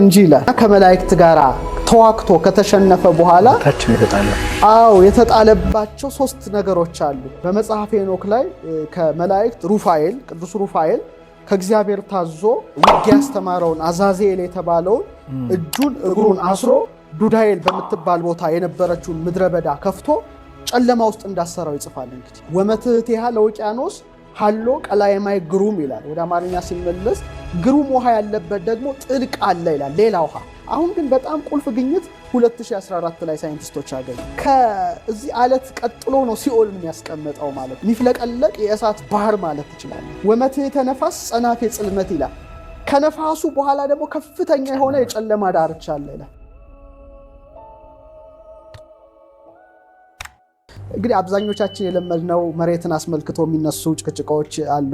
እንጂ ይላል ከመላእክት ጋር ተዋክቶ ከተሸነፈ በኋላ አዎ የተጣለባቸው ሶስት ነገሮች አሉ። በመጽሐፍ ሄኖክ ላይ ከመላእክት ሩፋኤል ቅዱስ ሩፋኤል ከእግዚአብሔር ታዞ ውጊያ ያስተማረውን አዛዜል የተባለውን እጁን እግሩን አስሮ ዱዳኤል በምትባል ቦታ የነበረችውን ምድረ በዳ ከፍቶ ጨለማ ውስጥ እንዳሰራው ይጽፋል። እንግዲህ ወመትህት ወመትህቴሃ ለውቅያኖስ ሀሎ ቀላይማይ ግሩም ይላል ወደ አማርኛ ሲመለስ ግሩም ውሃ ያለበት ደግሞ ጥልቅ አለ ይላል ሌላ ውሃ። አሁን ግን በጣም ቁልፍ ግኝት 2014 ላይ ሳይንቲስቶች አገኙ። ከዚህ አለት ቀጥሎ ነው ምን የሚያስቀምጠው ማለት ሚፍለቀለቅ የእሳት ባህር ማለት ይችላል። ወመቴተ ነፋስ ጸናፌ ጽልመት ይላል። ከነፋሱ በኋላ ደግሞ ከፍተኛ የሆነ የጨለማ ዳርቻ አለ ይላል። እንግዲህ አብዛኞቻችን የለመድነው መሬትን አስመልክቶ የሚነሱ ጭቅጭቆች አሉ።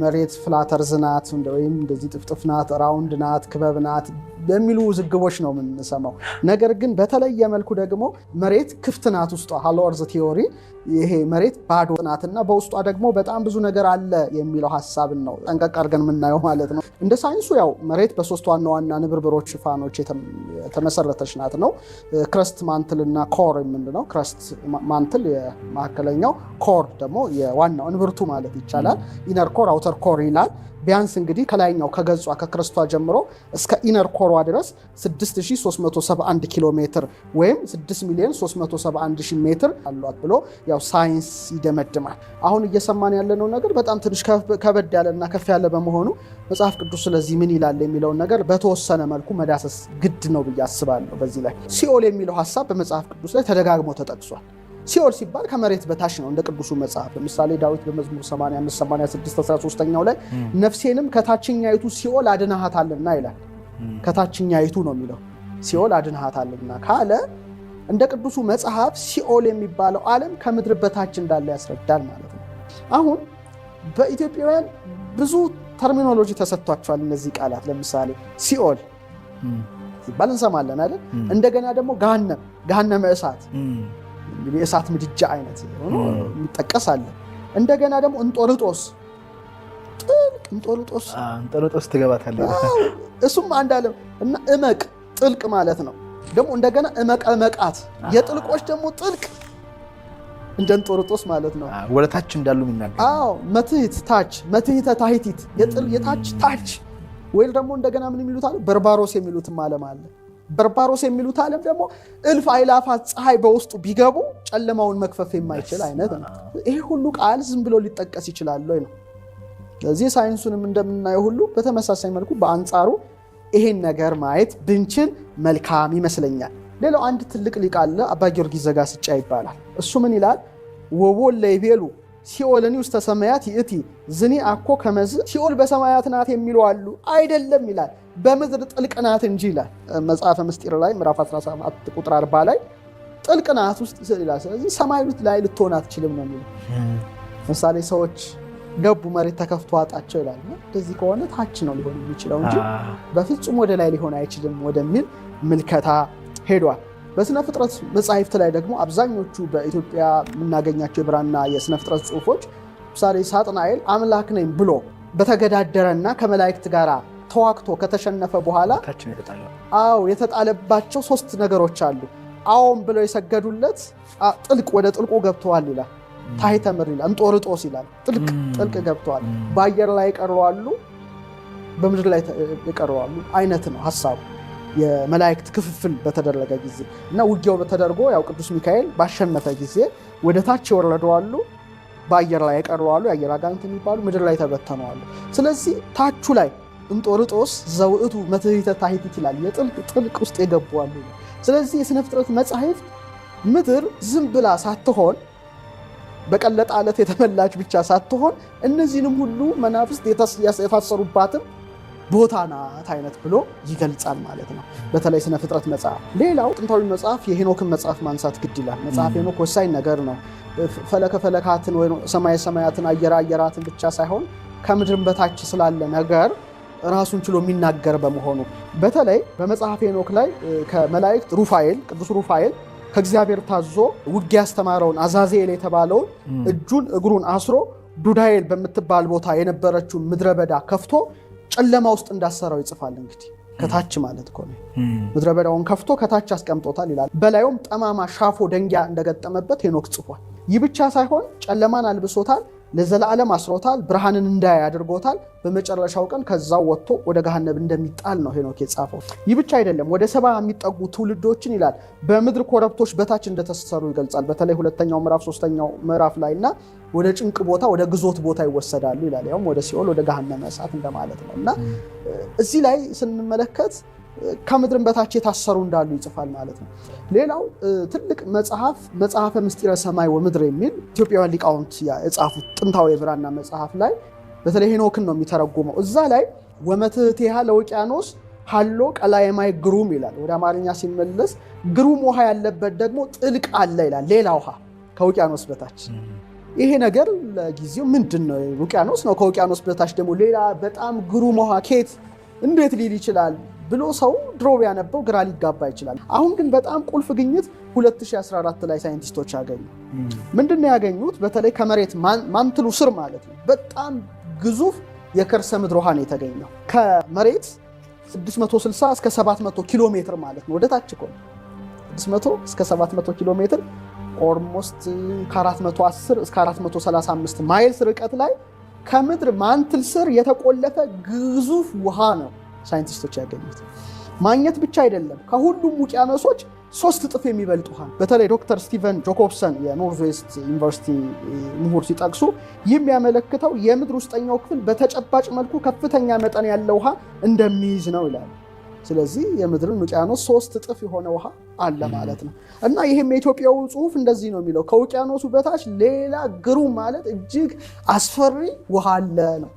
መሬት ፍላተርዝ ናት ወይም እንደዚህ ጥፍጥፍ ናት፣ ራውንድ ናት፣ ክበብ ናት በሚሉ ውዝግቦች ነው የምንሰማው። ነገር ግን በተለየ መልኩ ደግሞ መሬት ክፍት ናት ውስጧ ሆሎ ይሄ መሬት ባዶ ናትና በውስጧ ደግሞ በጣም ብዙ ነገር አለ የሚለው ሀሳብን ነው ጠንቀቅ አድርገን የምናየው ማለት ነው። እንደ ሳይንሱ ያው መሬት በሶስት ዋና ዋና ንብርብሮች ሽፋኖች የተመሰረተች ናት ነው ክረስት ማንትልና ኮር የምንለው ክረስት ማንትል የማዕከለኛው፣ ኮር ደግሞ የዋናው ንብርቱ ማለት ይቻላል። ኢነር ኮር፣ አውተር ኮር ይላል። ቢያንስ እንግዲህ ከላይኛው ከገጿ ከክረስቷ ጀምሮ እስከ ኢነር ኮሯ ድረስ 6371 ኪሎ ሜትር ወይም 6 ሚሊዮን 371 ሜትር አሏት ብሎ ያው ሳይንስ ይደመድማል። አሁን እየሰማን ያለነው ነገር በጣም ትንሽ ከበድ ያለ እና ከፍ ያለ በመሆኑ መጽሐፍ ቅዱስ ስለዚህ ምን ይላል የሚለውን ነገር በተወሰነ መልኩ መዳሰስ ግድ ነው ብዬ አስባለሁ። በዚህ ላይ ሲኦል የሚለው ሀሳብ በመጽሐፍ ቅዱስ ላይ ተደጋግሞ ተጠቅሷል። ሲኦል ሲባል ከመሬት በታች ነው። እንደ ቅዱሱ መጽሐፍ ለምሳሌ ዳዊት በመዝሙር 85 86 13ኛው ላይ ነፍሴንም ከታችኛይቱ ሲኦል አድናሃታልና ይላል። ከታችኛይቱ ነው የሚለው ሲኦል አድናሃታልና ካለ እንደ ቅዱሱ መጽሐፍ ሲኦል የሚባለው ዓለም ከምድር በታች እንዳለ ያስረዳል ማለት ነው። አሁን በኢትዮጵያውያን ብዙ ተርሚኖሎጂ ተሰጥቷቸዋል። እነዚህ ቃላት ለምሳሌ ሲኦል ሲባል እንሰማለን አይደል? እንደገና ደግሞ ገሃነም፣ ገሃነመ እሳት እንግዲህ እሳት ምድጃ አይነት ሆኖ የሚጠቀስ እንደገና ደግሞ እንጦርጦስ ጥልቅ እንጦርጦስ፣ እንጦርጦስ ትገባታለህ። እሱም አንድ ዓለም እና እመቅ ጥልቅ ማለት ነው ደግሞ እንደገና እመቀመቃት የጥልቆች ደግሞ ጥልቅ እንደ እንጦርጦስ ማለት ነው። ወለታች እንዳሉ የሚናገር አዎ፣ መትህት ታች መትህተ ታህቲት የታች ታች ወይም ደግሞ እንደገና ምን የሚሉት አለ በርባሮስ የሚሉትም ዓለም አለ። በርባሮስ የሚሉት ዓለም ደግሞ እልፍ አይላፋት ፀሐይ በውስጡ ቢገቡ ጨለማውን መክፈፍ የማይችል አይነት ነው። ይሄ ሁሉ ቃል ዝም ብሎ ሊጠቀስ ይችላል ነው። ስለዚህ ሳይንሱንም እንደምናየው ሁሉ በተመሳሳይ መልኩ በአንጻሩ ይሄን ነገር ማየት ብንችል መልካም ይመስለኛል። ሌላው አንድ ትልቅ ሊቅ አለ፣ አባ ጊዮርጊስ ዘጋስጫ ይባላል። እሱ ምን ይላል? ወቦል ለይቤሉ ሲኦልኒ ውስተ ሰማያት ይእቲ ዝኒ አኮ ከመዝ ሲኦል በሰማያት ናት የሚሉ አሉ። አይደለም ይላል፣ በምድር ጥልቅ ናት እንጂ ይላል። መጽሐፈ ምስጢር ላይ ምዕራፍ 17 ቁጥር 40 ላይ ጥልቅ ናት ውስጥ ይላል። ስለዚህ ሰማይ ላይ ልትሆን አትችልም ነው የሚለው። ምሳሌ ሰዎች ገቡ መሬት ተከፍቶ አጣቸው ይላል። እንደዚህ ከሆነ ታች ነው ሊሆን የሚችለው እንጂ በፍጹም ወደ ላይ ሊሆን አይችልም ወደሚል ምልከታ ሄዷል። በስነ ፍጥረት መጽሐፍት ላይ ደግሞ አብዛኞቹ በኢትዮጵያ የምናገኛቸው የብራና የስነ ፍጥረት ጽሁፎች ምሳሌ ሳጥናኤል አምላክ ነኝ ብሎ በተገዳደረና ከመላእክት ጋር ተዋግቶ ከተሸነፈ በኋላ አዎ የተጣለባቸው ሶስት ነገሮች አሉ። አዎን ብለው የሰገዱለት ጥልቅ ወደ ጥልቁ ገብተዋል ይላል። ታይተምር ይላል፣ እንጦርጦስ ይላል። ጥልቅ ጥልቅ ገብተዋል። በአየር ላይ የቀረዋሉ፣ በምድር ላይ የቀረዋሉ አይነት ነው ሀሳቡ የመላእክት ክፍፍል በተደረገ ጊዜ እና ውጊያው ተደርጎ ያው ቅዱስ ሚካኤል ባሸነፈ ጊዜ ወደ ታች የወረደዋሉ፣ በአየር ላይ የቀረዋሉ፣ የአየር አጋንንት የሚባሉ ምድር ላይ ተበተነዋሉ። ስለዚህ ታቹ ላይ እንጦርጦስ ዘውእቱ መትሕተ ታሕቲት ይላል፣ የጥልቅ ጥልቅ ውስጥ የገቡዋሉ። ስለዚህ የሥነ ፍጥረት መጻሕፍት ምድር ዝም ብላ ሳትሆን በቀለጠ አለት የተመላች ብቻ ሳትሆን እነዚህንም ሁሉ መናፍስት የታሰሩባትም ቦታ ናት አይነት ብሎ ይገልጻል ማለት ነው። በተለይ ስነ ፍጥረት መጽሐፍ። ሌላው ጥንታዊ መጽሐፍ የሄኖክን መጽሐፍ ማንሳት ግድ ይላል። መጽሐፍ ሄኖክ ወሳኝ ነገር ነው። ፈለከ ፈለካትን ወይ ሰማይ ሰማያትን አየራ አየራትን ብቻ ሳይሆን ከምድርን በታች ስላለ ነገር ራሱን ችሎ የሚናገር በመሆኑ በተለይ በመጽሐፍ ሄኖክ ላይ ከመላእክት ሩፋኤል ቅዱስ ሩፋኤል ከእግዚአብሔር ታዞ ውጊያ ያስተማረውን አዛዜል የተባለውን እጁን እግሩን አስሮ ዱዳኤል በምትባል ቦታ የነበረችውን ምድረ በዳ ከፍቶ ጨለማ ውስጥ እንዳሰራው ይጽፋል። እንግዲህ ከታች ማለት ከሆነ ምድረ በዳውን ከፍቶ ከታች አስቀምጦታል ይላል። በላዩም ጠማማ ሻፎ ደንጊያ እንደገጠመበት ሄኖክ ጽፏል። ይህ ብቻ ሳይሆን ጨለማን አልብሶታል። ለዘላለም አስሮታል። ብርሃንን እንዳያይ አድርጎታል። በመጨረሻው ቀን ከዛው ወጥቶ ወደ ገሃነብ እንደሚጣል ነው ሄኖክ የጻፈው። ይህ ብቻ አይደለም፣ ወደ ሰባ የሚጠጉ ትውልዶችን ይላል በምድር ኮረብቶች በታች እንደተሰሩ ይገልጻል። በተለይ ሁለተኛው ምዕራፍ ሶስተኛው ምዕራፍ ላይ እና ወደ ጭንቅ ቦታ ወደ ግዞት ቦታ ይወሰዳሉ ይላል። ያውም ወደ ሲኦል ወደ ገሃነመ እሳት እንደማለት ነው እና እዚህ ላይ ስንመለከት ከምድርን በታች የታሰሩ እንዳሉ ይጽፋል ማለት ነው። ሌላው ትልቅ መጽሐፍ መጽሐፈ ምስጢረ ሰማይ ወምድር የሚል ኢትዮጵያውያን ሊቃውንት የጻፉት ጥንታዊ የብራና መጽሐፍ ላይ በተለይ ሄኖክን ነው የሚተረጉመው። እዛ ላይ ወመትህቴሃ ለውቅያኖስ ሀሎ ቀላየማይ ግሩም ይላል። ወደ አማርኛ ሲመለስ ግሩም ውሃ ያለበት ደግሞ ጥልቅ አለ ይላል። ሌላ ውሃ ከውቅያኖስ በታች ይሄ ነገር ለጊዜው ምንድን ነው? ውቅያኖስ ነው። ከውቅያኖስ በታች ደግሞ ሌላ በጣም ግሩም ውሃ ኬት እንዴት ሊል ይችላል ብሎ ሰው ድሮ ቢያነበው ግራ ሊጋባ ይችላል። አሁን ግን በጣም ቁልፍ ግኝት 2014 ላይ ሳይንቲስቶች ያገኙ ምንድን ነው ያገኙት? በተለይ ከመሬት ማንትሉ ስር ማለት ነው በጣም ግዙፍ የከርሰ ምድር ውሃ ነው የተገኘው ከመሬት 660 እስከ 700 ኪሎ ሜትር ማለት ነው። ወደ ታች ቆም 600 እስከ 700 ኪሎ ሜትር ኦልሞስት ከ410 እስከ 435 ማይልስ ርቀት ላይ ከምድር ማንትል ስር የተቆለፈ ግዙፍ ውሃ ነው። ሳይንቲስቶች ያገኙት። ማግኘት ብቻ አይደለም፣ ከሁሉም ውቅያኖሶች ሶስት እጥፍ የሚበልጥ ውሃ በተለይ ዶክተር ስቲቨን ጆኮብሰን የኖርዝ ዩኒቨርሲቲ ምሁር ሲጠቅሱ ይህ የሚያመለክተው የምድር ውስጠኛው ክፍል በተጨባጭ መልኩ ከፍተኛ መጠን ያለው ውሃ እንደሚይዝ ነው ይላሉ። ስለዚህ የምድርን ውቅያኖስ ሶስት እጥፍ የሆነ ውሃ አለ ማለት ነው እና ይህም የኢትዮጵያው ጽሑፍ እንደዚህ ነው የሚለው ከውቅያኖሱ በታች ሌላ ግሩም ማለት እጅግ አስፈሪ ውሃ አለ ነው።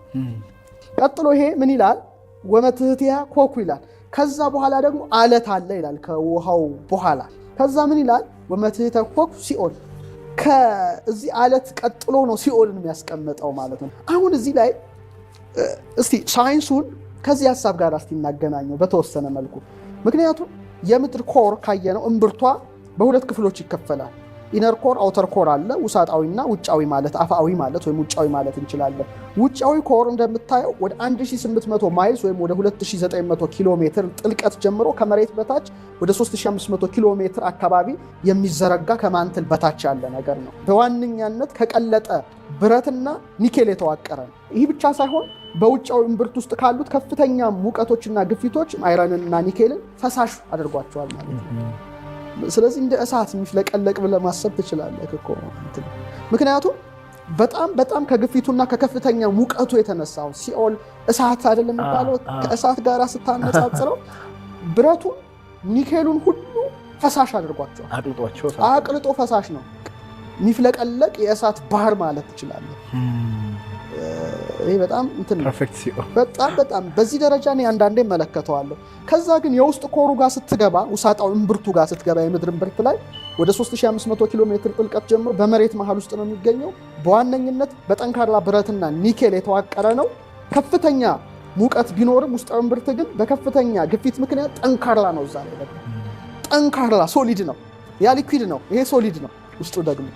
ቀጥሎ ይሄ ምን ይላል? ወመትህትያ ኮኩ ይላል። ከዛ በኋላ ደግሞ አለት አለ ይላል። ከውሃው በኋላ ከዛ ምን ይላል? ወመትህተ ኮኩ ሲኦል። ከዚህ አለት ቀጥሎ ነው ሲኦልን የሚያስቀምጠው ማለት ነው። አሁን እዚህ ላይ እስቲ ሳይንሱን ከዚህ ሀሳብ ጋር እስቲ እናገናኘው በተወሰነ መልኩ። ምክንያቱም የምድር ኮር ካየነው እምብርቷ በሁለት ክፍሎች ይከፈላል። ኢነር ኮር አውተር ኮር አለ። ውሳጣዊና ውጫዊ ማለት አፋዊ ማለት ወይም ውጫዊ ማለት እንችላለን። ውጫዊ ኮር እንደምታየው ወደ 1800 ማይልስ ወይም ወደ 2900 ኪሎ ሜትር ጥልቀት ጀምሮ ከመሬት በታች ወደ 3500 ኪሎ ሜትር አካባቢ የሚዘረጋ ከማንትል በታች ያለ ነገር ነው። በዋነኛነት ከቀለጠ ብረትና ኒኬል የተዋቀረ ነው። ይህ ብቻ ሳይሆን በውጫዊ እምብርት ውስጥ ካሉት ከፍተኛ ሙቀቶችና ግፊቶች አይረንንና ኒኬልን ፈሳሽ አድርጓቸዋል ማለት ነው። ስለዚህ እንደ እሳት የሚፍለቀለቅ ብለህ ማሰብ ትችላለህ እኮ ምክንያቱም በጣም በጣም ከግፊቱና ከከፍተኛ ሙቀቱ የተነሳው ሲኦል እሳት አይደለም የሚባለው። ከእሳት ጋር ስታነጻጽረው ብረቱ ኒኬሉን ሁሉ ፈሳሽ አድርጓቸዋል። አቅልጦ ፈሳሽ ነው የሚፍለቀለቅ የእሳት ባህር ማለት ትችላለህ። ይሄ በጣም እንትን በጣም በጣም በዚህ ደረጃ እኔ አንዳንዴ እመለከተዋለሁ። ከዛ ግን የውስጥ ኮሩ ጋር ስትገባ ውሳጣው እምብርቱ ጋር ስትገባ የምድር እምብርት ላይ ወደ 3500 ኪሎ ሜትር ጥልቀት ጀምሮ በመሬት መሃል ውስጥ ነው የሚገኘው። በዋነኝነት በጠንካራ ብረትና ኒኬል የተዋቀረ ነው። ከፍተኛ ሙቀት ቢኖርም ውስጣዊ እምብርት ግን በከፍተኛ ግፊት ምክንያት ጠንካራ ነው። እዛ ላይ ጠንካራ ሶሊድ ነው። ያ ሊኩዊድ ነው፣ ይሄ ሶሊድ ነው ውስጡ ደግሞ።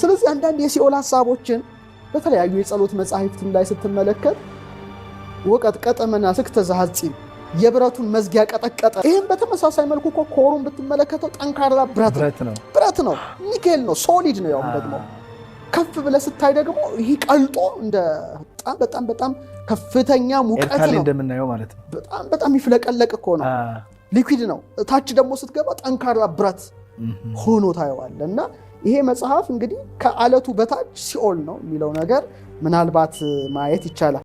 ስለዚህ አንዳንድ የሲኦል ሀሳቦችን በተለያዩ የጸሎት መጻሕፍትም ላይ ስትመለከት ወቀት ቀጠመና ስክተ ዘሐፂን የብረቱን መዝጊያ ቀጠቀጠ። ይህም በተመሳሳይ መልኩ እኮ ኮሩን ብትመለከተው ጠንካራ ብረት ነው፣ ብረት ነው፣ ኒኬል ነው፣ ሶሊድ ነው። ያሁን ደግሞ ከፍ ብለ ስታይ ደግሞ ይህ ቀልጦ እንደ በጣም በጣም በጣም ከፍተኛ ሙቀት ነው እንደምናየው ማለት ነው። በጣም በጣም ይፍለቀለቅ እኮ ነው፣ ሊኩዊድ ነው። ታች ደግሞ ስትገባ ጠንካራ ብረት ሆኖ ታየዋለ እና ይሄ መጽሐፍ እንግዲህ ከአለቱ በታች ሲኦል ነው የሚለው ነገር ምናልባት ማየት ይቻላል።